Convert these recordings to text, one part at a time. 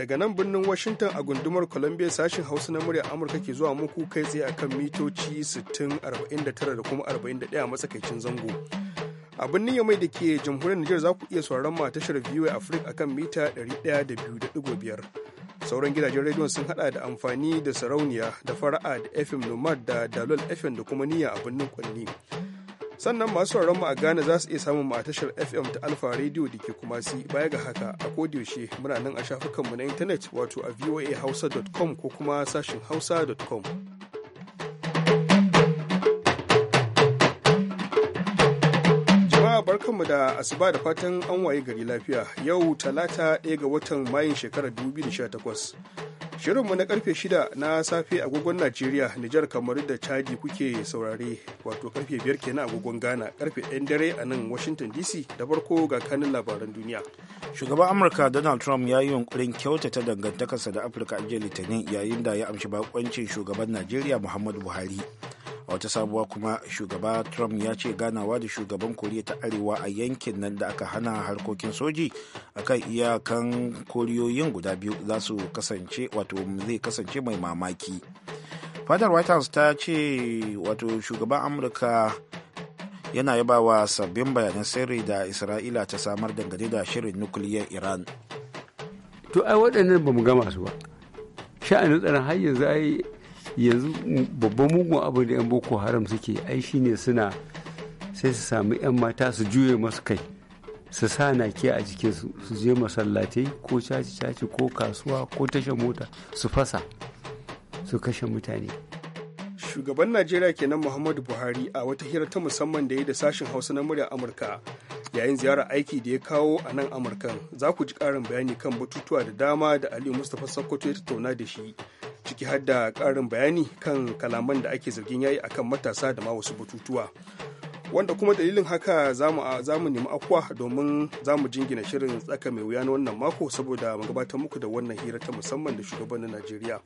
daga nan birnin Washington a gundumar Columbia sashen Hausa na muryar Amurka ke zuwa muku kai tsaye akan mitoci 69 da kuma 41 a matsakaicin zango. a birnin yamai da ke jamhuriyar niger za ku iya sauraron ma tashar afirka Africa akan mita 102.5 sauran gidajen rediyon sun hada da amfani da sarauniya da fara'a da FM Nomad da Dalol FM da kuma niyya a birnin Kwanni. sannan masu sauran mu a Ghana za su iya samun mu a tashar FM ta Alpha Radio da ke kuma si baya ga haka a kodiyoshe muna nan a shafukanmu na intanet wato a voahausa.com ko kuma sashin hausa.com. Jama'a barkanmu da asuba da fatan an waye gari lafiya yau talata ɗaya ga watan mayin shekarar 2018. Shirinmu na karfe 6 na safe agogon Najeriya, Nijar kamar da Chadi kuke saurare wato karfe 5 kenan agogon Ghana, karfe 1 dare a nan Washington DC da farko ga kanin labaran duniya. Shugaban Amurka Donald Trump ya yi yunkurin kyautata dangantakarsa da Afirka a jiya Litinin yayin da ya amshi bakoncin shugaban Najeriya Muhammadu Buhari. a wata sabuwa kuma shugaba trump ya ce ganawa da shugaban koriya ta arewa a yankin nan da aka hana harkokin soji akan iyakan koriyoyin guda biyu za su kasance wato zai kasance mai mamaki fadar white house ta ce wato shugaban amurka yana yaba wa sabbin bayanan sirri da isra'ila ta samar dangane da shirin nukiliyar iran to ai waɗannan ba mu gama su ba sha'anin tsaron har yanzu ai yanzu babban mugun abu da 'yan boko haram suke ai ne suna sai su sami 'yan mata su juye masu kai su sa na nake a jikinsu su je masallatai ko caci-caci ko kasuwa ko tashar mota su fasa su kashe mutane shugaban najeriya kenan muhammadu buhari a wata hira ta musamman da ya da sashen hausa na murya amurka yayin ziyarar aiki da ya kawo a nan amurkan za ku ji karin bayani kan batutuwa da dama da aliyu mustapha sokoto ya tattauna da shi ciki har da ƙarin bayani kan kalaman da ake zargin yayi akan matasa da ma wasu batutuwa wanda kuma dalilin haka za mu nemi akwa domin za mu jingina shirin tsaka mai wuya na wannan mako saboda mu gabatar muku da wannan hira ta musamman da shugabannin najeriya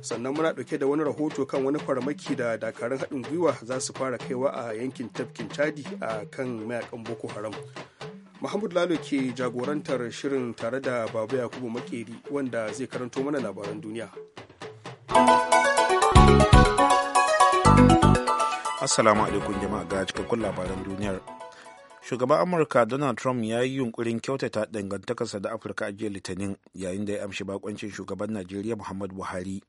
sannan muna ɗauke da wani rahoto kan wani faramaki da dakarun haɗin gwiwa za su fara kaiwa a yankin tafkin chadi a kan mayakan boko haram Muhammadu Lalo ke jagorantar shirin tare da babu Yakubu Makeri wanda zai karanto mana labaran duniya. Assalamu alaikum jama'a ga cikakkun labaran duniyar. Shugaban Amurka Donald Trump ya yi yunkurin kyautata dangantakarsa da Afirka a jiya Litinin yayin da ya amshi bakoncin shugaban Najeriya Muhammad Buhari.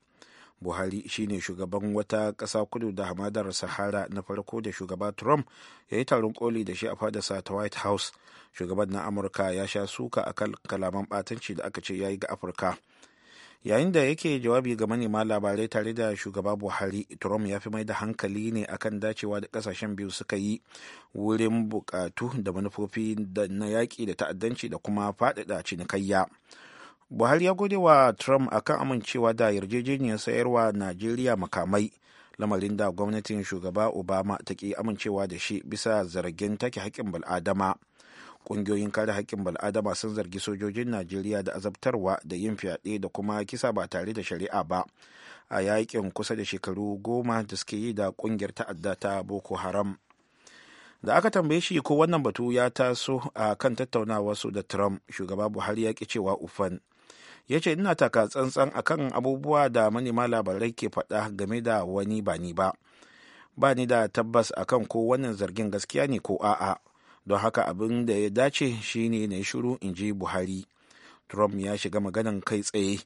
Buhari shine shugaban wata ƙasa kudu da hamadar Sahara na farko da shugaba Trump ya yi taron koli da shi a fadarsa ta White House. Shugaban na Amurka ya sha suka akan kalaman ɓatanci da aka ce ya yi ga Afirka. yayin da yake jawabi ga manema labarai tare da shugaba buhari trump ya fi mai da hankali ne akan dacewa da kasashen biyu suka yi wurin bukatu da manufofi na yaƙi da ta'addanci da kuma faɗaɗa cinikayya buhari ya gode wa trump akan amincewa da yarjejeniyar sayarwa najeriya makamai lamarin da gwamnatin shugaba obama ta ki amincewa da shi bisa zargin take haƙƙin bal'adama. ƙungiyoyin kare haƙƙin bal'adama sun zargi sojojin najeriya da azabtarwa da yin fyaɗe da kuma kisa ba tare da shari'a ba a yaƙin kusa da shekaru goma da suke yi da ƙungiyar ta'adda ta boko haram da aka tambaye shi ko wannan batu ya taso a kan tattaunawa su da trump shugaba buhari ya ƙi cewa ufan ya ce ina taka tsantsan akan abubuwa da manema labarai ke faɗa game da wani ba ni ba ba ni da tabbas akan ko wannan zargin gaskiya ne ko a'a don haka abin da ya dace shine na shiru in ji buhari trump ya shiga maganan kai tsaye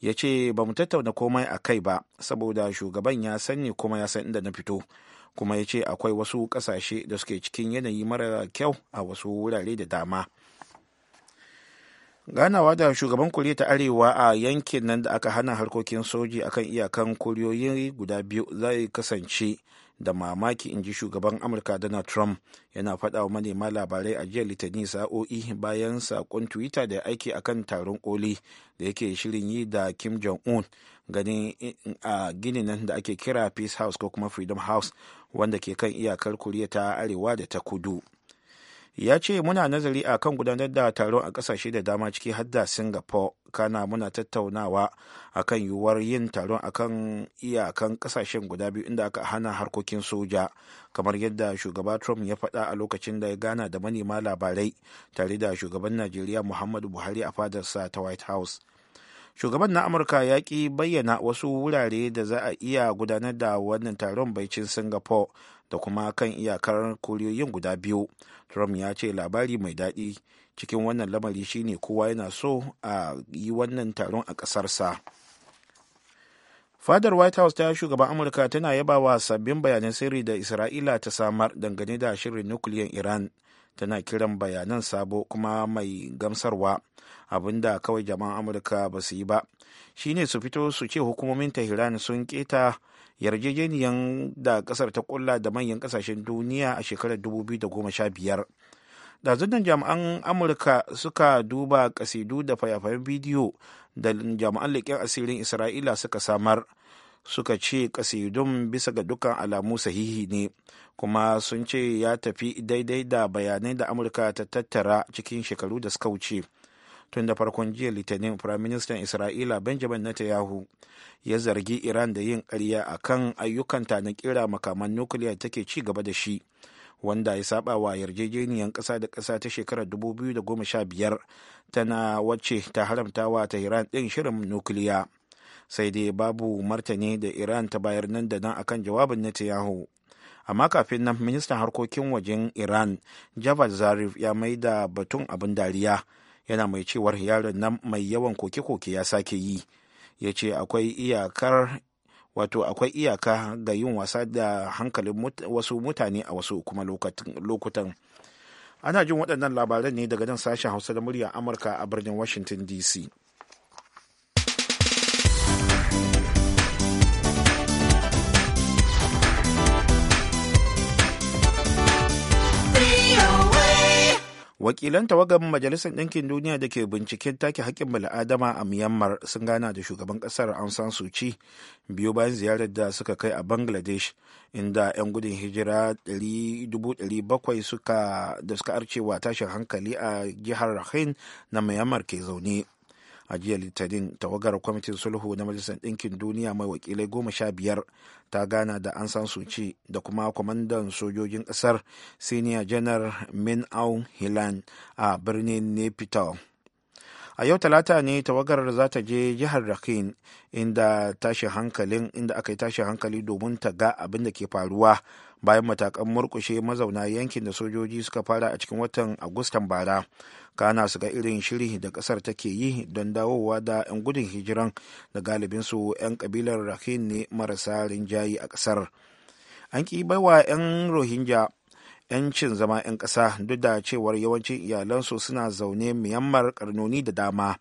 ya ce ba mu tattauna komai a kai ba saboda shugaban ya sani kuma ya san inda na fito kuma ya ce akwai wasu kasashe da suke cikin yanayi mara kyau a wasu wurare da dama ganawa da shugaban koriya ta arewa a yankin nan da aka hana harkokin soji akan iyakan kuriyoyi guda biyu zai kasance da mamaki in ji shugaban amurka donald trump yana faɗa wa manema labarai a jiya litinin sa'o'i bayan saƙon twitter da aiki akan taron koli da yake shirin yi da kim jong-un gani a ginin nan da ake kira peace house ko kuma freedom house wanda ke kan iyakar koriya ta arewa da ta kudu ya ce muna nazari a kan gudanar da taron a ƙasashe da dama ciki har da singapore kana muna tattaunawa a kan yiwuwar yin taron a akan iyakan kasashen guda biyu inda aka hana harkokin soja kamar yadda shugaba trump ya faɗa a lokacin da ya gana da manema labarai tare da shugaban najeriya muhammadu buhari a fadarsa ta white house shugaban na amurka ya ki bayyana wasu wurare da za a iya gudanar da wannan taron baicin singapore da kuma kan iyakar kuriyoyin guda biyu trump ya ce labari mai daɗi cikin wannan lamari shine kowa yana so a yi wannan taron a ƙasarsa fadar white house ta shugaban amurka tana yaba wa sabbin bayanan sirri da isra'ila ta samar dangane da shirin nukiliyan iran tana kiran bayanan sabo kuma mai gamsarwa abinda kawai jama'an amurka ba su yi ba shine su fito su ce hukumomin tehran sun keta yarjejeniyan da kasar ta kulla da manyan kasashen duniya a shekarar 2015 ɗazunan jami'an amurka suka duba kasidu da fayafayen bidiyo da jami'an leƙen asirin isra'ila suka samar suka ce kasidun bisa ga dukkan alamu sahihi ne kuma sun ce ya tafi daidai da bayanai da amurka ta tattara cikin shekaru da suka wuce tun da farkon jiya litinin firaministan isra'ila benjamin netanyahu ya zargi iran da yin karya akan ayyukanta na kira makaman nukiliya take ci gaba da shi wanda ya saba wa yarjejeniyar ƙasa da ƙasa ta shekarar 2015 tana wacce ta haramta wa Tehran ɗin shirin nukiliya. Sai dai babu martani da Iran ta bayar nan da nan akan jawabin na Netanyahu. Amma kafin nan ministan harkokin wajen Iran Javad Zarif ya mai da batun abin dariya yana mai cewar yaron nan mai yawan koke-koke ya sake yi. ya ce akwai iyakar wato akwai iyaka ga yin wasa da hankalin wasu mutane a wasu kuma lokutan ana jin waɗannan labaran ne daga nan sashen hausa da murya amurka a birnin washington dc wakilan tawagar majalisar ɗinkin duniya da ke binciken take haƙƙin bala'adama a myanmar sun gana da shugaban ƙasar an san biyu bayan ziyarar da suka kai a bangladesh inda 'yan gudun hijira 700,000 da suka arcewa tashin hankali a jihar rakhine na myanmar ke zaune a jiya litinin tawagar kwamitin sulhu na majalisar ɗinkin duniya mai wakilai goma sha biyar ta gana da an san suci da kuma kwamandan sojojin ƙasar senior general min aung hilan a birnin nepital a yau talata ne tawagar za ta je jihar rakhine inda tashi hankalin inda aka yi tashi hankali domin ta ga abin da ke faruwa bayan matakan murkushe mazauna yankin da sojoji suka fara a cikin watan agustan bara kana su ga irin shiri da kasar take yi don dawowa da 'yan gudun hijiran da galibinsu 'yan kabilar rakhine ne marasa rinjayi a kasar an ki baiwa 'yan rohingya 'yancin zama 'yan ƙasa duk da cewar yawancin iyalansu suna zaune miyammar karnoni da dama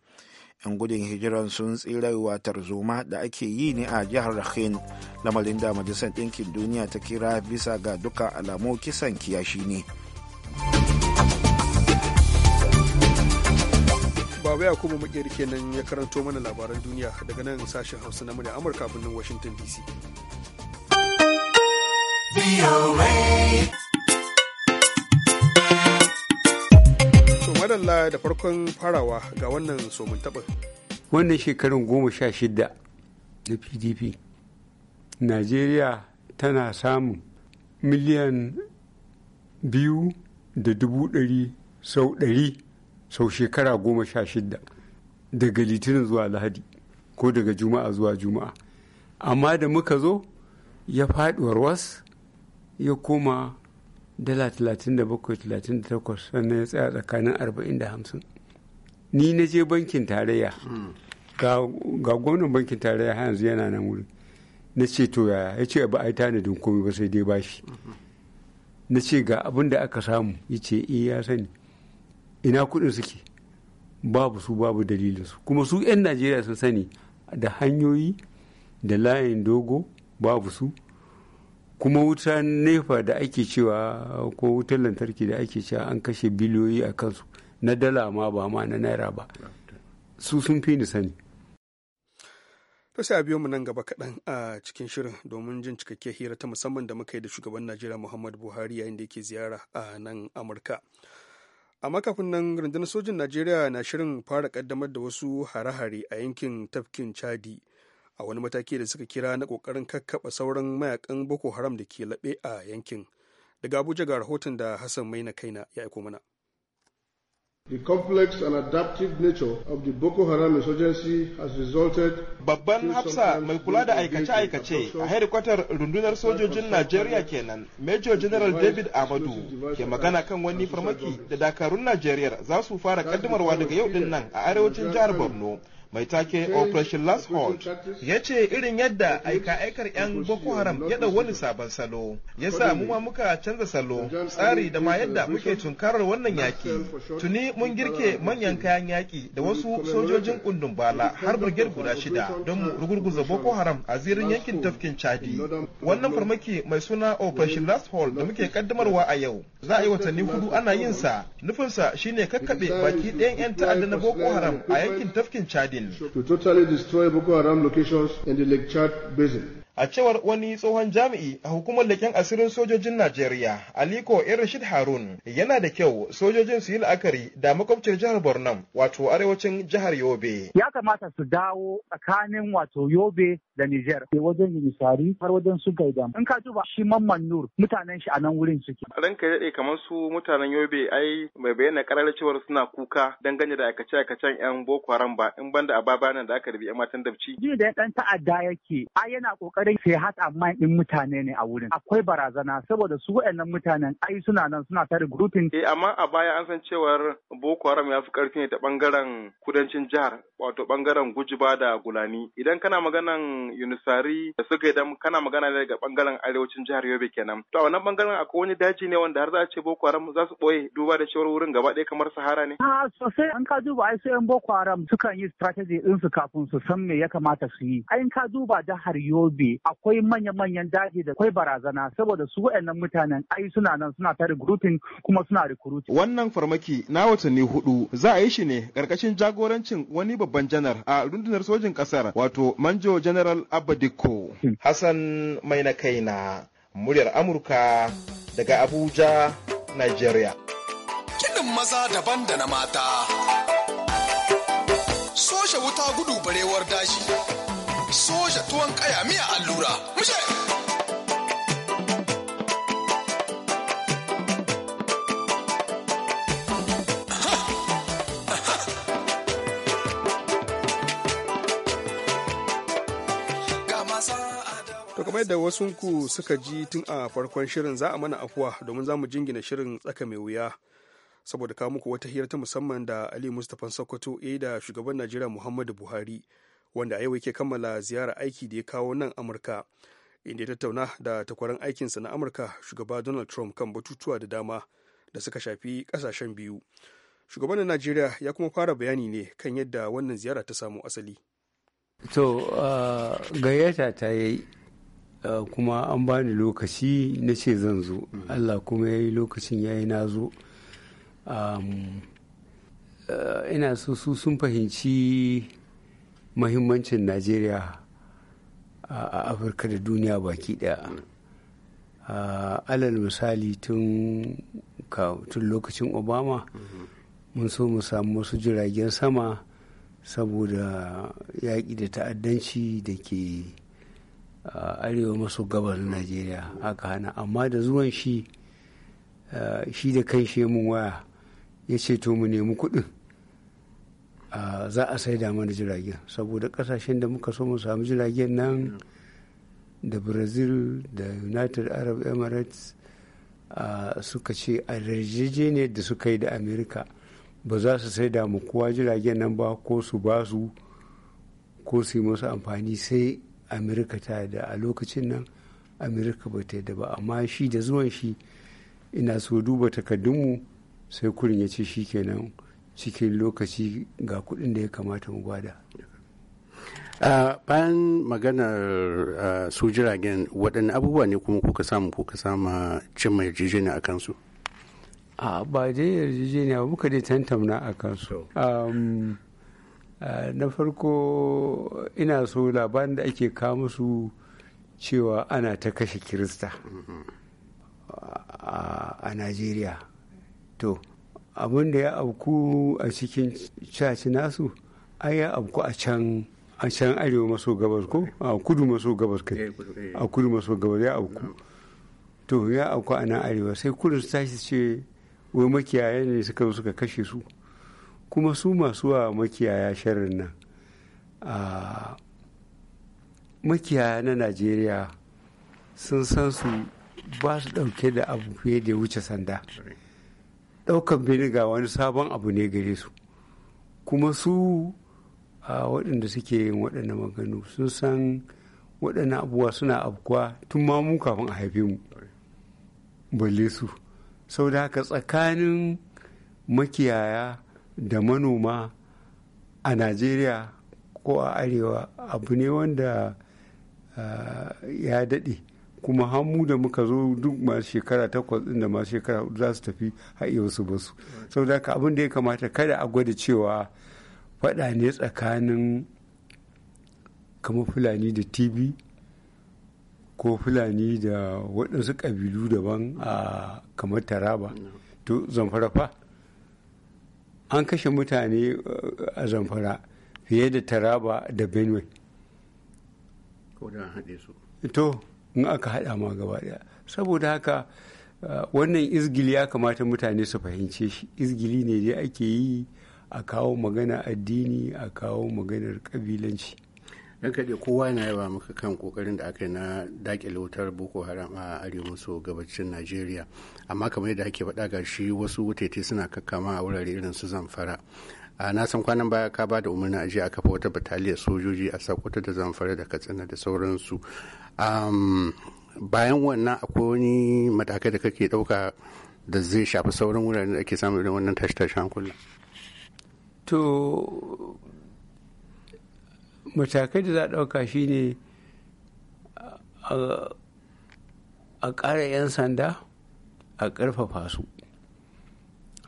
'yan gudun hijiran sun tsirewa tarzoma da ake yi ne a jihar rakhine lamarin da majalisar ɗinkin duniya ta kira bisa ga duka alamu kisan kiyashi ne babu ya kuma kenan ya karanto mana labaran duniya daga nan sashen hausa na murya amurka birnin washington dc madalla da farkon farawa ga wannan somin taɓin. wannan shekarun goma sha shida na pdp najeriya tana samun miliyan biyu da dubu ɗari sau ɗari sau shekara goma sha shida daga litinin zuwa lahadi ko daga juma'a zuwa juma'a amma da muka zo ya faɗi warwas ya koma dala 37-38 sannan ya tsaya tsakanin 40 da 50 ni na je bankin tarayya ga gwamnan bankin tarayya har yanzu yana nan wuri na ce to yaya ya ce ba a yi tanadin komai ba sai dai bashi na ce ga abin da aka samu ya ce eh, ya sani ina kudin suke babu su babu dalilinsu kuma su 'yan najeriya sun sani da hanyoyi da layin dogo babu su kuma wuta nefa da ake cewa ko wutar lantarki da ake cewa an kashe biliyoyi a kansu na dala ma ba ma na naira ba su sun fi ni sani to sai a biyo mu nan gaba kaɗan a cikin shirin domin jin cikakken hira ta musamman da muka yi da shugaban najeriya muhammadu buhari yayin da yake ziyara a nan amurka amma kafin nan rundunar sojin najeriya na shirin fara kaddamar da wasu hare-hare a yankin tafkin chadi a wani mataki da suka kira na kokarin kakkaɓa sauran mayakan boko haram da ke labe a yankin daga abuja ga rahoton da hassan maina kaina ya aiko mana The complex and adaptive nature of the Boko Haram insurgency has resulted Babban Hafsa mai kula da aikace-aikace a hedikwatar rundunar sojojin Najeriya kenan, Major General David Amadu ke magana kan wani farmaki da dakarun Najeriya za su fara kaddamarwa daga yau din nan a arewacin jihar Borno. mai take Operation Last Hold ya ce irin yadda aika-aikar 'yan Boko Haram ya ɗau wani sabon salo ya sa mu ma muka canza salo tsari da ma uh, yadda muke tunkarar wannan yaƙi. tuni mun girke manyan kayan yaƙi da wasu sojojin kundin bala har burger guda shida don mu rugurguza Boko Haram a zirin yankin tafkin Chadi wannan farmaki mai suna Operation Last Hold da muke kaddamarwa a yau za a yi watanni hudu ana yin sa nufinsa shine kakkaɓe baki ɗayan 'yan ta'adda na Boko Haram a yankin tafkin Chadi Basin to totally destroy Boko Haram locations in the Lake Chad Basin. a cewar wani tsohon jami'i a hukumar leken asirin sojojin najeriya aliko irashid harun yana da kyau sojojin su yi la'akari da makwabcin jihar borno wato arewacin jihar yobe ya kamata su dawo tsakanin wato yobe da niger wajen misari har wajen su gaidam in ka duba shi mamman nur mutanen shi a nan wurin suke ranka ya daɗe kamar su mutanen yobe ai mai bayyana karar cewar suna kuka dangane da aikace aikacen yan boko haram ba in banda a baba da aka rubi yan matan dabci ji da ɗan ta'adda yake ai yana kokari dai sai hatsa mai din mutane ne a wurin akwai barazana saboda su waɗannan mutanen ai suna nan suna tare grouping eh amma a baya an san cewar Boko Haram ya fi karfi ne ta bangaren kudancin jihar wato bangaren Gujiba da Gulani idan kana maganan Yunusari da suka idan kana magana daga bangaren arewacin jihar Yobe kenan to a wannan bangaren akwai wani daji ne wanda har za a ce Boko Haram za su boye duba da cewar wurin gaba ɗaya kamar Sahara ne a ah, sosai an ka duba ai sai Boko Haram sukan yi strategy din su kafin su san me ya kamata su yi ai ka duba jihar Yobe akwai manya-manyan daji da akwai barazana saboda su waɗannan mutanen ai suna nan suna ta recruiting kuma suna recruiting. Wannan farmaki na watanni hudu za a yi shi ne ƙarƙashin jagorancin wani babban janar a rundunar sojin ƙasar wato Manjo General Abadiko. Hassan mai na kaina muryar Amurka daga Abuja, Nigeria. Kinin maza daban da na mata. Soshe wuta gudu barewar daji. So toshe tuwon kaya miya allura. Mushe! kamar da wasu ku suka ji tun a farkon shirin za a mana afuwa domin za mu jingina shirin tsaka mai wuya. Saboda kawo muku wata hira ta musamman da Ali Mustapha Sokoto ya da shugaban Najeriya Muhammadu Buhari wanda a yau yake kammala ziyara aiki da ya kawo nan amurka inda ya tattauna da takwaran aikinsa na amurka shugaba donald trump kan batutuwa da dama da suka shafi kasashen biyu shugaban najeriya ya kuma fara bayani ne kan yadda wannan ziyara ta samu asali to uh, gayyata ta yi kuma an bani lokaci na ce zan zo allah kuma ya yi lokacin ya yi na zo ina so su sun fahimci mahimmancin najeriya a afirka da duniya baki daya alal misali tun lokacin obama mun so mu samu wasu jiragen sama saboda yaƙi da ta'addanci da ke arewa maso gabar najeriya aka hana amma da zuwan shi shi da kan mun waya ya ce to mu nemi kuɗin za a sai da mana jiragen saboda kasashen da muka so mu samu jiragen nan da brazil da united arab emirates suka ce a ne da suka yi da america ba za su sai da mu kowa jiragen nan ba ko su ba su ko su yi masu amfani sai america ta da a lokacin nan america ba ta da ba amma shi da zuwan shi ina so duba takardunmu sai kurin ya ce shi kenan cikin lokaci ga kuɗin da ya kamata mu gwada bayan maganar su jiragen waɗanne abubuwa ne kuma kuka samu kuka sama cin mai yarjejeniya a kansu a ba dai ba muka dai tantamna a kansu na farko ina so labarin da ake kawo su cewa ana ta kashe kirista mm-hmm. a najeriya to abin da ya auku a cikin caci nasu ai ya auku a can a can arewa maso gabas ko a kudu maso gabas kai eh, eh. a kudu maso gabas ya auku to ya auku a nan arewa sai kudu su tashi ce wai makiyaya ne suka suka kashe su kuma su masu wa makiyaya sharrin nan a makiyaya na najeriya sun san su ba su ɗauke da abu fiye da wuce sanda ɗaukan ga wani sabon abu ne gare su kuma su a waɗanda suke yin waɗannan maganu sun san waɗannan abubuwa suna abkuwa tun ma mu kafin a haife mu balle su sau da haka tsakanin makiyaya da manoma a najeriya ko a arewa abu ne wanda ya daɗe kuma hamu da muka zo duk masu shekara takwas ɗin da masu shekara za su tafi har wasu ba su saboda haka abin da ya kamata kada a gwada cewa faɗa ne tsakanin kamar fulani da tv ko fulani da waɗansu ƙabilu daban a kamar taraba to zamfara fa an kashe mutane eh, a zamfara fiye da taraba da benue to in aka haɗa ma gaba ɗaya saboda haka wannan izgili ya kamata mutane su fahimce shi izgili ne dai ake yi a kawo magana addini a kawo maganar kabilanci. don kaɗe kowa na yawa maka kan ƙoƙarin da aka yi na daƙile wutar boko haram a arewa maso gabacin najeriya amma kamar yadda ake faɗa ga shi wasu wutete suna kakkama a wurare irin su zamfara a na san kwanan baya ka ba da umarnin ajiya a kafa wata bataliyar sojoji a sakkwato da zamfara da katsina da sauransu bayan wannan akwai wani matakai da kake ɗauka da zai shafi sauran wuraren da ake samun irin wannan tashe-tashen kullum. to matakai da za a ɗauka shine a ƙara 'yan sanda a ƙarfafa su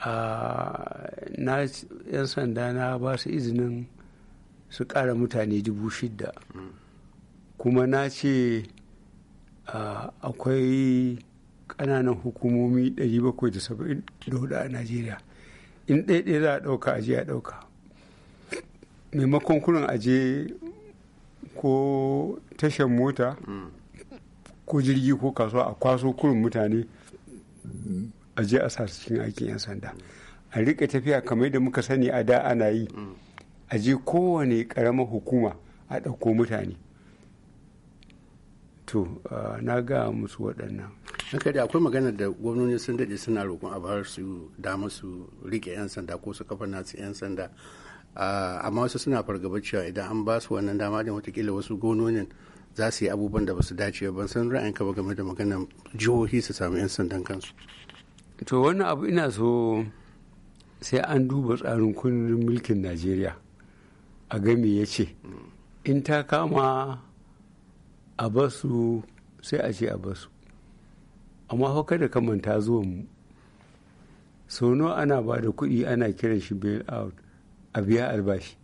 na 'yan sanda na ba su izinin su ƙara mutane dubu shida kuma na ce akwai ƙananan hukumomi 774 a najeriya in ɗaiɗe za a ɗauka aje a ɗauka maimakon kurin aje ko tashar mota mm. ko jirgi ko kasuwa a kwaso kurin mutane a je a sa cikin aikin 'yan sanda a rika tafiya kamar da muka sani a da ana yi a je kowane karamar hukuma a ɗauko mutane to na ga musu waɗannan haka da akwai magana da gwamnoni sun daɗe suna roƙon a bar su dama su rike 'yan sanda ko su kafa nasu 'yan sanda amma wasu suna fargaba cewa idan an ba su wannan dama da watakila wasu gononin za su yi abubuwan da ba su dace ban san ra'ayin ba game da maganar jihohi su samu 'yan sandan kansu to wannan abu ina so sai an duba tsarin kundin mulkin najeriya a game ya ce in ta kama a basu sai a ce a basu amma kada ka manta zuwan mu sono ana ba da kuɗi ana kiran shi bail out a biya albashi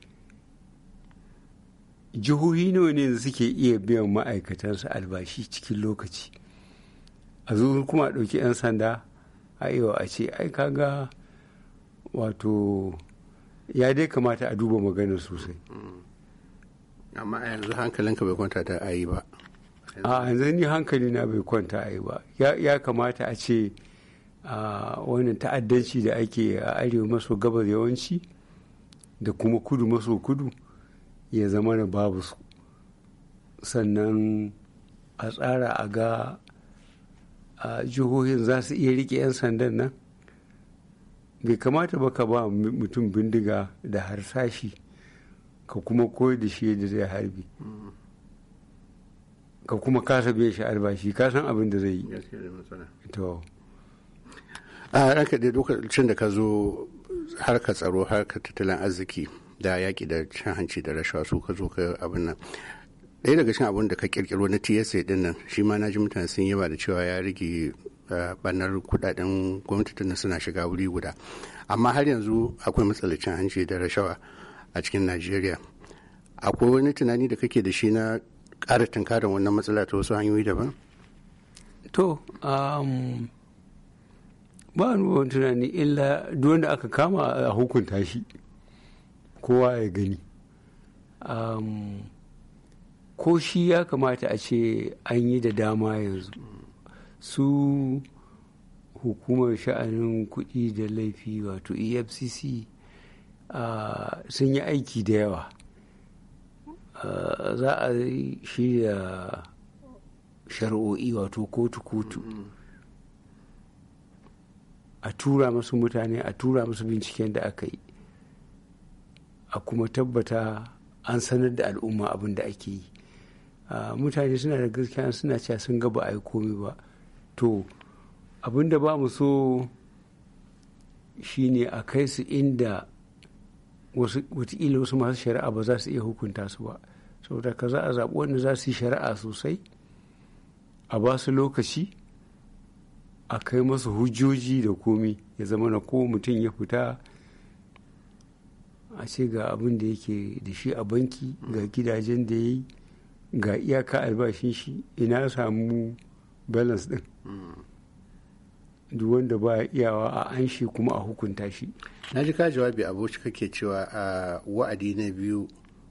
jihohi nawa ne suke iya biyan ma'aikatansu albashi cikin lokaci a zuwa kuma ɗauki 'yan sanda aiwa a ce ai kaga wato ya dai kamata a duba maganar sosai mm. amma yanzu hankalinka bai kwanta da ayi ba a yanzu ni hankali na bai kwanta ayi ba ya kamata a ce wannan ta'addanci da ake a arewa maso gabas yawanci da kuma kudu maso kudu ya zama da babu su sannan a tsara a ga jihohin za su iya rike 'yan sandan nan bai kamata ba ka ba mutum bindiga da harsashi ka kuma koyar da shi yadda zai harbi ka kuma kasa biya shi albashi ka san abin da zai yi a harkar da lokacin da ka zo harkar tsaro harkar tattalin arziki da yaƙi da cin hanci da rashawa su ka zo ka abin nan ɗaya daga cikin abin da ka kirkiro na tsa din nan shi ma na ji mutane sun yaba da cewa ya rage banar eh, kudaden gwamnati suna shiga wuri guda amma har yanzu akwai matsalacin hanci da rashawa a cikin najeriya akwai wani tunani da kake da shi na ƙara tunkarin wannan matsala ta wasu hanyoyi daban to um, ba wani tunani illa duk wanda aka kama a hukunta shi kowa ya gani um, ko shi ya kamata a ce an yi da dama yanzu su hukumar sha'anin kuɗi da laifi wato efcc sun yi aiki da yawa za a shirya shari'o'i wato kotu-kotu mm-hmm. a tura masu mutane a tura masu binciken da aka yi a kuma tabbata an sanar da al'umma abin da ake yi mutane suna da gaskiya suna cewa sun ga ba a yi komai ba to abinda ba mu so shine a kai su inda wataƙila wasu masu shari'a ba za su iya hukunta su ba saboda ka za a zaɓi wanda za su yi shari'a sosai a ba su lokaci a kai masu hujjoji da komi ya zama na ko mutum ya fita a ce ga abin da yake da shi a banki ga gidajen da ya yi ga iyaka albashin shi ina samu balance din duk wanda ba iyawa a an shi kuma a hukunta shi na ji ka jawabi aboci kake cewa a wa'adi na biyu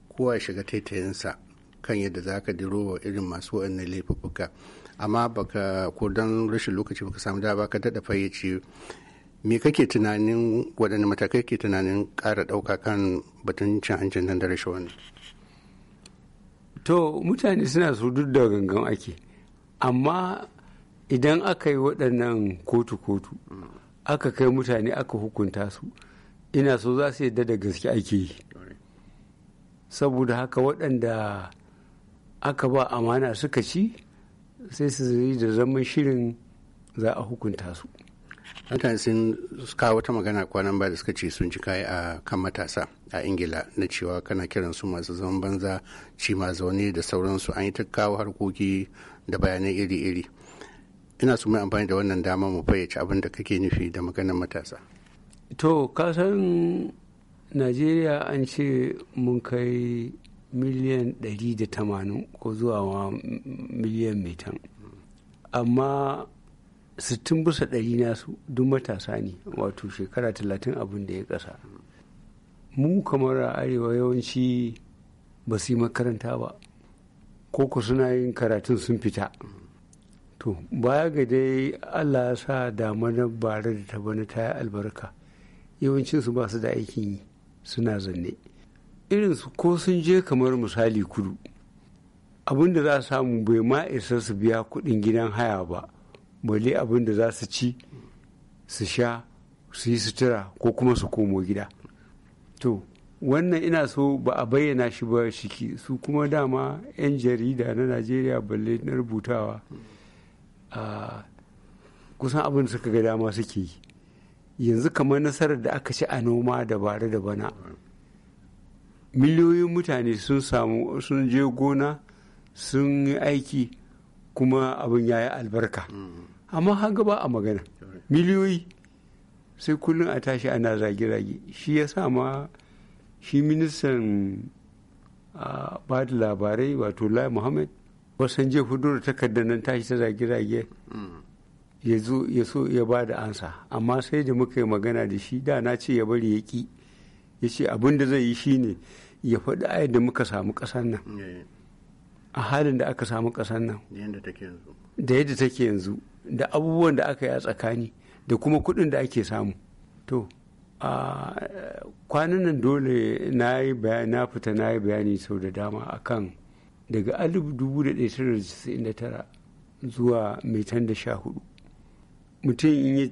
kowa ya shiga taitayensa kan yadda za ka diro irin masu wa'annan laifuka amma baka ko don rashin lokaci baka samu da ka daɗa fayyace me kake tunanin waɗanne matakai ke tunanin ƙara ɗauka kan batun cin hancin nan da rashin wani to mutane suna su duk da gangan ake amma idan aka yi waɗannan kotu-kotu aka kai mutane aka hukunta su ina so za su yadda da gaske ake yi saboda haka waɗanda aka ba amana suka ci sai su yi da zaman shirin za a hukunta su mutane sun kawo wata magana kwanan ba da suka ce sun ci kai a kan matasa a ingila na cewa kana kiran su masu zaman banza ci ma zaune da sauransu an yi ta kawo harkoki da bayanai iri-iri ina su mai amfani da wannan dama mu fayyace abin da kake nufi da maganar matasa to kasan najeriya an ce mun kai miliyan ɗari da tamanin ko zuwa miliyan mai amma sittin bisa ɗari na su duk matasa ne wato shekara talatin abin da ya ƙasa mu kamar a arewa yawanci ba su yi makaranta ba Ko ku suna yin karatun sun fita to baya ga dai allah ya sa na bare da ta bana ta yi albarka yawancinsu ba su da aikin yi suna zanne irinsu ko sun je kamar misali kudu abin da za a samu bai ma isa su biya kuɗin gidan haya ba balle abin da za su ci su sha su yi sutura ko kuma su komo gida to wannan ina so ba a bayyana shi ba shiki su kuma dama 'yan jarida na najeriya balle na rubutawa a kusan abin da suka ga dama suke yi yanzu kamar nasarar da aka ci a noma dabara da bana miliyoyin mutane sun samu sun je gona sun yi aiki kuma abin ya yi albarka mm-hmm. amma haka ba a magana miliyoyi sai kullum a tashi ana zage-zage shi ya sa ma shi ministan ba da labarai wato lai muhammad wasan je hudu takardar tashi ta zage-zage mm. ya zo ya so ya ba da ansa amma sai da muka yi magana da shi da na ce ya bari ya ki ya ce abin da zai yi shi ne ya faɗi ayyar da muka samu ƙasar nan a halin da aka samu ƙasar nan da yadda take yanzu da abubuwan da aka yi a tsakani da kuma kuɗin da ake samu to a kwanan nan dole na yi na fita na yi bayani sau da dama akan daga 1999 zuwa mai da sha hudu mutum in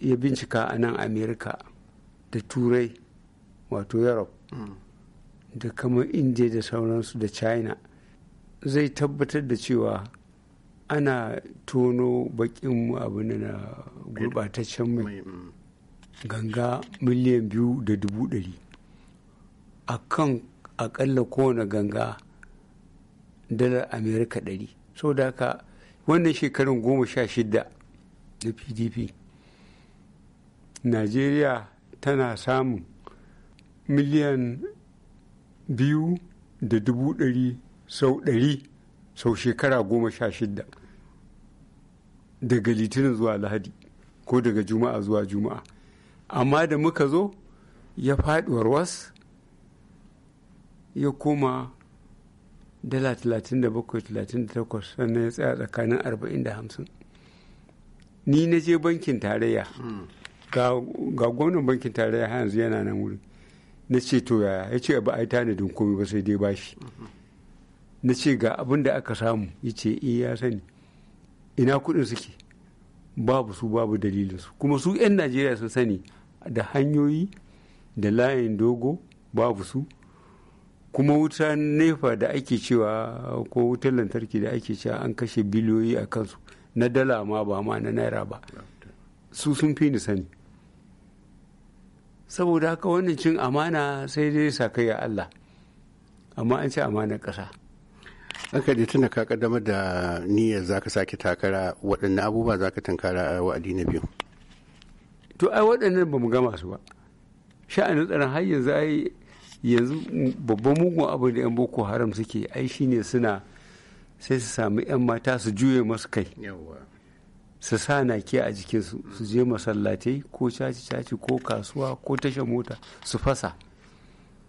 ya bincika a nan amerika da turai wato europe mm. da kamar india da sauransu da china zai tabbatar da cewa ana tono bakin abu na gurbataccen mai mm. ganga miliyan biyu da dubu ɗari a kan akalla kowane ganga dalar amerika ɗari sau da haka wannan shekarun goma sha shida na pdp najeriya tana samun miliyan biyu da dubu ɗari sau ɗari sau shekara goma sha shida daga litinin zuwa lahadi ko daga juma'a zuwa juma'a amma da muka zo ya faɗi warwas ya koma dala 37-38 sannan ya tsaya tsakanin 40 da 50 ni na je bankin tarayya hmm. ga gwamnan bankin tarayya yanzu yana nan wuri na ce to yaya ya ce ba a yi tanadin komai ba sai dai bashi hmm. na ce ga abin da aka samu ya ce iya eh, sani ina kuɗin suke babu su babu dalilinsu kuma su 'yan najeriya sun sani da hanyoyi da layin dogo babu su kuma wuta nefa da ake cewa ko wutar lantarki da ake cewa an kashe biliyoyi a kansu na dala ma ba ma na naira ba su sun fi ni sani saboda haka wannan cin amana sai dai sa kai ya Allah amma an ce amanar ƙasa an kaɗe tuna ka kaddama da niyyar zaka sake takara waɗannan abubuwa za ka tankara a wa'adi na biyu to ai waɗannan ba mu gama su ba sha'anin tsaron har yanzu ai yanzu babban mugun abu da yan boko haram suke ai shi ne suna sai su sami yan mata su juye masu kai su sa na ke a jikinsu su je masallatai ko caci caci ko kasuwa ko tashar mota su fasa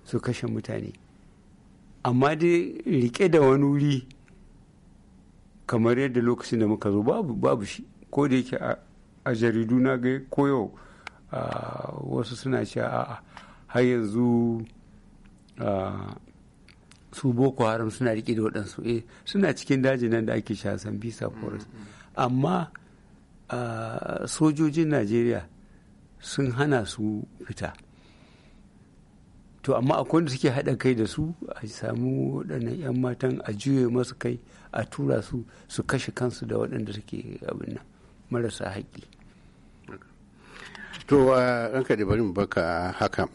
su kashe mutane amma dai rike da wani wuri kamar yadda lokacin da muka zo babu babu shi ko da yake a jaridu na ga koyo wasu suna cewa a har yanzu su boko haram suna rike da waɗansu eh suna cikin daji nan da ake shasan bisa forest amma sojojin najeriya sun hana su fita to amma akwai wanda suke haɗa kai da su a samu waɗannan 'yan matan a juye masu kai a tura su su kashe kansu da waɗanda suke abin nan marasa haƙƙi to ranka da bari mu baka haka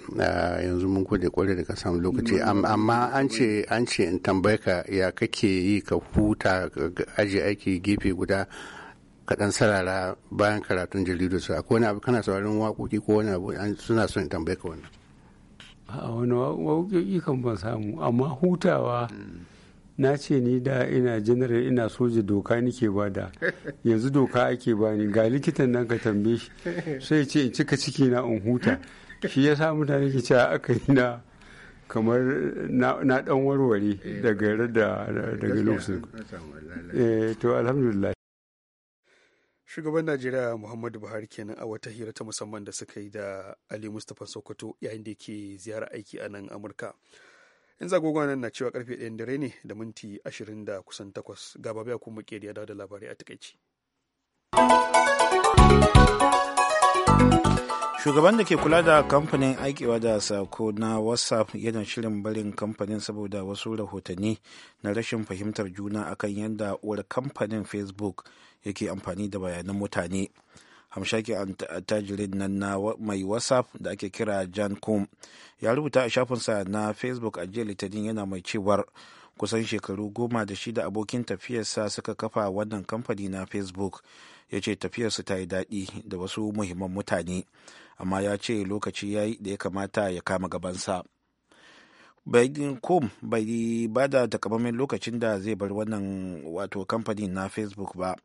yanzu mun gode kwarai da ka samu lokaci mm. amma an ce an ce in tambaye ka ya kake yi ka huta aji aiki gefe guda kaɗan sarara bayan karatun jaridu su akwai wani abu kana sauraron waƙoƙi ko wani abu suna son in tambaye ka wannan a wani waƙoƙi kan ban samu amma hutawa na ce ni da ina janaral ina soja doka nike da yanzu doka ake bani ga likitan nan ka tambaye shi sai ce in cika ciki na in huta shi ya sa mutane ke cewa aka yi na kamar na dan warware eh. daga daga lokacin eh, to alhamdulillah shugaban najeriya muhammadu buhari kenan a wata hira ta musamman da suka yi da ali mustapha sokoto yayin da yake ziyara aiki a nan amurka in zagogo nan na cewa karfe ɗayan dare ne da minti ashirin da kusan takwas gaba biya kuma keriya da labarai a takaici shugaban da ke kula da kamfanin aikewa da sako na whatsapp yana shirin barin kamfanin saboda wasu rahotanni na rashin fahimtar juna akan yadda uwar kamfanin facebook yake amfani da bayanan mutane hamshaki tajirin nan na mai whatsapp da ake kira jan kum ya rubuta a shafinsa na facebook a jiya litinin yana mai cewar kusan shekaru goma da shida da abokin tafiyarsa suka kafa wannan kamfani na facebook ya ce tafiyarsu ta yi daɗi da wasu muhimman mutane amma ya ce lokaci ya yi da ya kamata ya kama gabansa bayan kom bai ba da takamaiman lokacin da zai bar wannan wato kamfani na facebook ba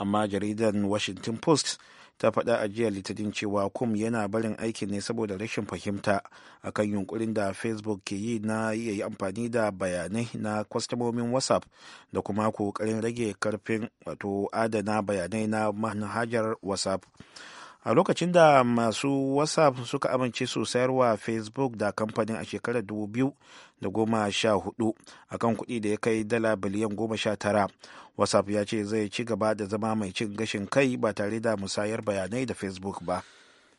amma jaridar washington post ta faɗa a jiya litinin cewa kum yana barin aikin ne saboda rashin fahimta akan yunkurin da facebook ke yi na iya yi amfani da bayanai na kwastamomin whatsapp da kuma kokarin rage karfin wato adana bayanai na manhajar whatsapp a lokacin da masu whatsapp suka amince su sayarwa facebook da kamfanin a shekarar 2014 akan kuɗi da ya kai dala biliyan 19 whatsapp ya ce zai ci gaba da zama mai cin gashin kai ba tare da musayar bayanai da facebook ba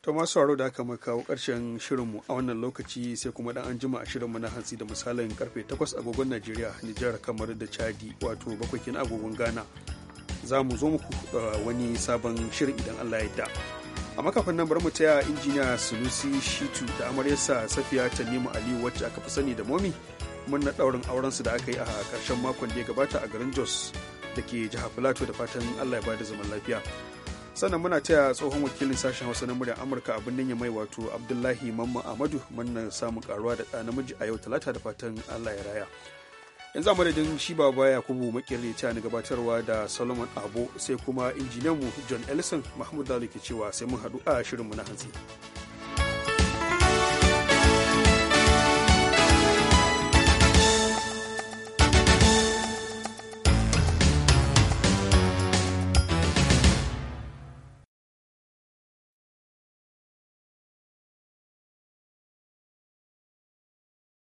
to masu sauraro da aka kawo karshen shirinmu a wannan lokaci sai kuma dan an jima a shirinmu na hantsi da misalin karfe 8 agogon najeriya nijar kamar da chadi wato bakwai agogon ghana za mu zo muku eh, wani sabon shirin idan allah ya da a makafin nan bari mu taya injiniya sunusi shitu da amaryarsa safiya tanimu aliyu wacce aka fi sani da momi mun na daurin auren su da aka yi a karshen makon da ya gabata a garin jos da ke jiha filato da fatan allah ya bada zaman lafiya sannan muna taya tsohon wakilin sashen hausa na muryar amurka abin nan ya mai wato abdullahi mamma amadu mun samun karuwa da ɗa namiji a yau talata da fatan allah ya raya yanzu a madadin shi baba yakubu makirri ta na gabatarwa da solomon abo sai kuma injiniyanmu john ellison mahmud dalo ke cewa sai mun haɗu a shirinmu na hantsi.